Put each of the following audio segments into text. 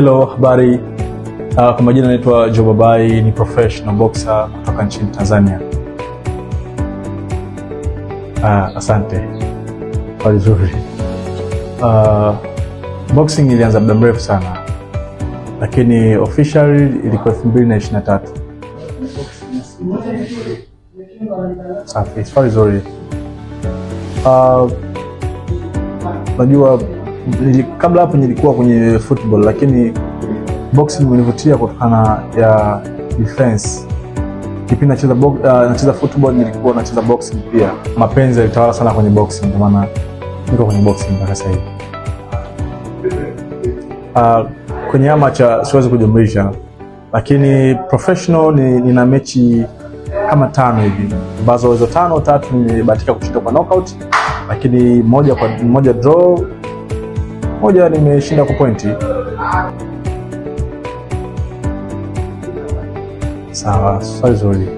Hello, habari. Uh, kwa majina naitwa Joe Babai, ni professional boxer kutoka nchini Tanzania. Uh, asante kwa Uh, ah, boxing ilianza muda mrefu sana lakini officially ilikuwa 2023. Safi, vizuri. Uh, najua kabla hapo nilikuwa kwenye football, lakini boxing imenivutia kutokana ya defense. Kipindi nacheza box, uh, nacheza football nilikuwa nacheza boxing pia. Mapenzi yalitawala sana kwenye boxing, ndio maana niko kwenye boxing mpaka sasa hivi. Uh, kwenye amateur siwezi kujumlisha, lakini professional ni, nina mechi kama tano hivi ambazo hizo tano tatu nimebahatika kushinda kwa knockout, lakini moja kwa moja draw moja nimeshinda kwa pointi. Sawa, swali zuri.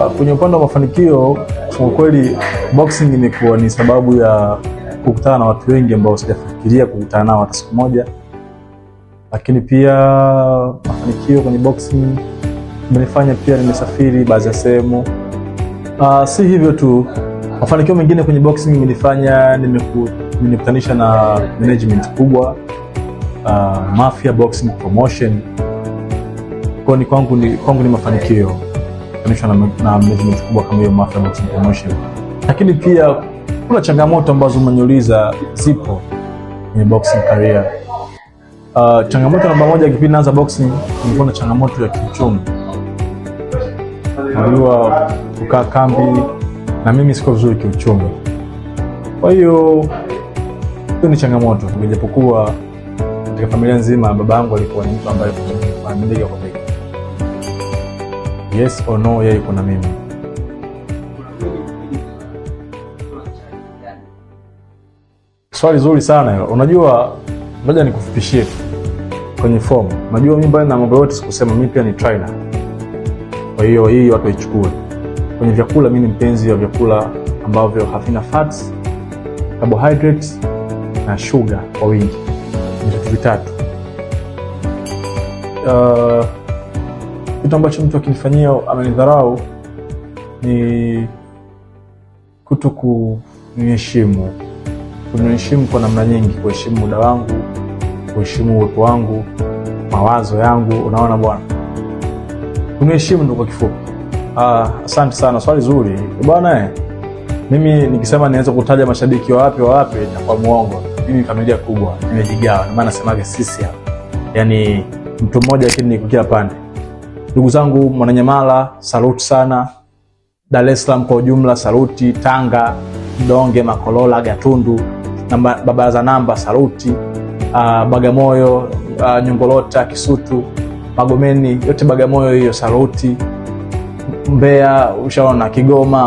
Ah, kwenye upande wa mafanikio, kwa kweli boxing imekuwa ni sababu ya kukutana na watu wengi ambao sijafikiria kukutana nao hata siku moja, lakini pia mafanikio kwenye boxing imenifanya pia nimesafiri baadhi ya sehemu. Ah, si hivyo tu, mafanikio mengine kwenye boxing imenifanya nimekuwa nimekutanisha na management kubwa uh, Mafia Boxing Promotion kwa ni kwangu ni, kwangu ni mafanikio kutanishwa na, na management kubwa kama hiyo Mafia Boxing Promotion, lakini pia kuna changamoto ambazo umeniuliza zipo kwenye boxing career. Uh, changamoto namba moja, kipindi naanza boxing nilikuwa na changamoto ya kiuchumi, najua kukaa kambi na mimi siko vizuri kiuchumi, kwa hiyo hiyo ni changamoto, japokuwa katika familia nzima baba yangu alikuwa ni mtu ambaye bega kwa bega, yes or no, yeye kuna mimi. Swali zuri sana hilo. Unajua, ngoja nikufupishie kwenye fomu. Unajua, mimi mbali na mambo yote sikusema, mimi pia ni trainer. Kwa hiyo hii watu waichukue. Kwenye vyakula, mimi ni mpenzi wa vyakula ambavyo havina fats, carbohydrates na sugar kwa wingi, ni vitu vitatu. Uh, kitu ambacho mtu akinifanyia amenidharau ni kuto kuniheshimu, kuniheshimu kwa namna nyingi, kuheshimu muda wangu, kuheshimu uwepo wangu, mawazo yangu. Unaona bwana, kuniheshimu ndo kwa kifupi. Ah, asante sana, swali zuri bwana. Eh, mimi nikisema niweze kutaja mashabiki wawapi wawapi, kwa muongo mimi familia kubwa nimejigawa, ndio maana nasemaga sisi hapa yani mtu mmoja lakini niko kila pande. Ndugu zangu Mwananyamala, saluti sana. Dar es Salaam kwa ujumla, saluti. Tanga, Mdonge, Makolola, Gatundu, na baba za namba, saluti. Uh, Bagamoyo, uh, Nyongolota, Kisutu, Magomeni, yote Bagamoyo hiyo, saluti. Mbeya, ushaona Kigoma.